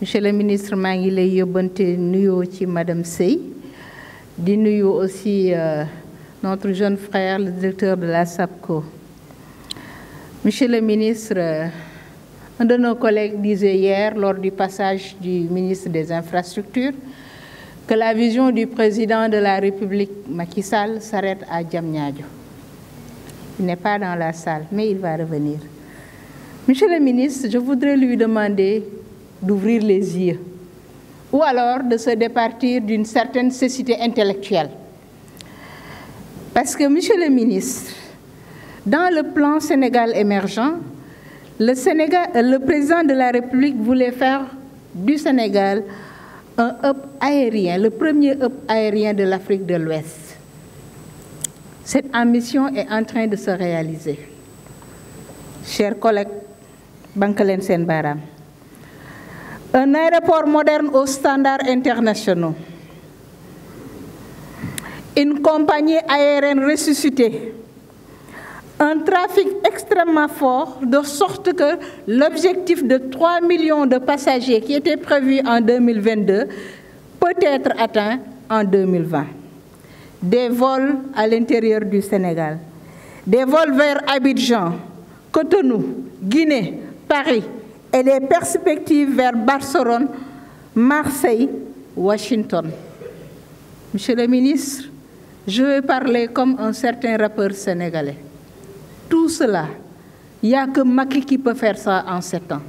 monsieur le ministre madame Sey aussi euh, notre jeune frère le directeur de la SAPCO monsieur le ministre euh, un de nos collègues disait hier lors du passage du ministre des infrastructures que la vision du président de la République Macky Sall s'arrête à Djamnyadjo. il n'est pas dans la salle mais il va revenir monsieur le ministre je voudrais lui demander d'ouvrir les yeux, ou alors de se départir d'une certaine cécité intellectuelle. Parce que, monsieur le ministre, dans le plan Sénégal émergent, le, Sénégal, euh, le président de la République voulait faire du Sénégal un hub aérien, le premier hub aérien de l'Afrique de l'Ouest. Cette ambition est en train de se réaliser. Chers collègues, Bankalen Senbaram, un aéroport moderne aux standards internationaux, une compagnie aérienne ressuscitée, un trafic extrêmement fort, de sorte que l'objectif de 3 millions de passagers qui était prévu en 2022 peut être atteint en 2020. Des vols à l'intérieur du Sénégal, des vols vers Abidjan, Cotonou, Guinée, Paris, et les perspectives vers Barcelone, Marseille, Washington. Monsieur le ministre, je vais parler comme un certain rappeur sénégalais. Tout cela, il n'y a que Maki qui peut faire ça en sept ans.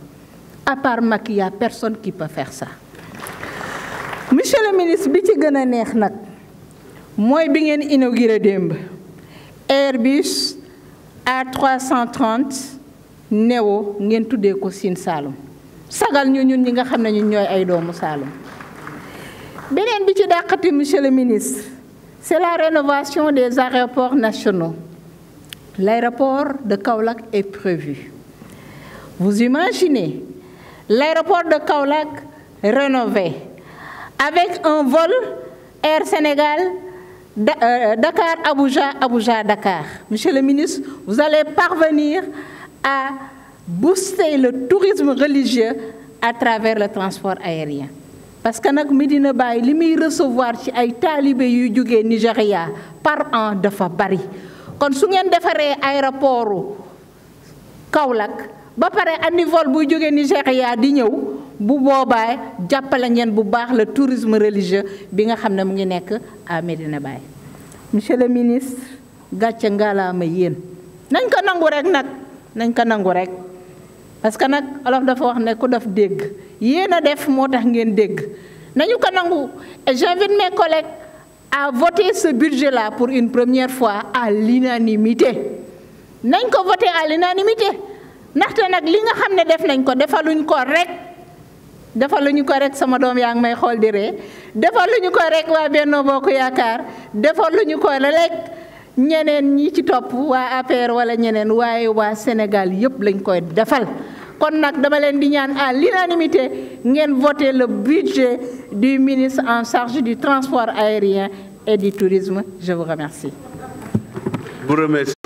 À part Maki, il n'y a personne qui peut faire ça. Monsieur le ministre, je ci gën inauguré Airbus A330 newoo ngeen tuddé ko Sine Saalum sagal ñu ñun ñi nga xamné ñun ñoy ay doomu benen bi ci monsieur le ministre c'est la rénovation des aéroports nationaux l'aéroport de Kaolack est prévu vous imaginez l'aéroport de Kaolack rénové avec un vol Air Sénégal euh, Dakar Abuja Abuja Dakar monsieur le ministre vous allez parvenir à booster le tourisme religieux à travers le transport aérien parce que nag Medina bay li recevoir ci ay taalibe yuy jógee Nigéria par an dafa paris kon su ngeen fait l'aéroport de ba pare andi vol un jógee Nigéria di ñëw bu boobaa bu le tourisme religieux bi nga xam mu ngi nekk à Medina bay monsieur le ministre gàcce ngalaama yéen nañ ko vous rek nag. nañ ko nangu rek parce que nag olof dafa wax ne ku def dégg yéen a def moo tax ngeen dégg nañu ko nangu et j'invite mes collègues à voter ce budget là pour une première fois à l'unanimité nañ ko voter à l'unanimité ndaxte nag li nga xam ne def nañ ko defaluñ ko rek defaluñu ko rek sama doom yaa ngi may xool di ree defaluñu ko rek waa Benno Bokk Yaakaar defaluñu ko rek ñeneen ñi ci topp waa affaire wala ñeneen waaye waa Sénégal yëpp lañ koy defal kon nag dama leen di ñaan à l'unanimité ngeen voter le budget du ministre en charge du transport aérien et du tourisme je vous remercie. Vous remercie.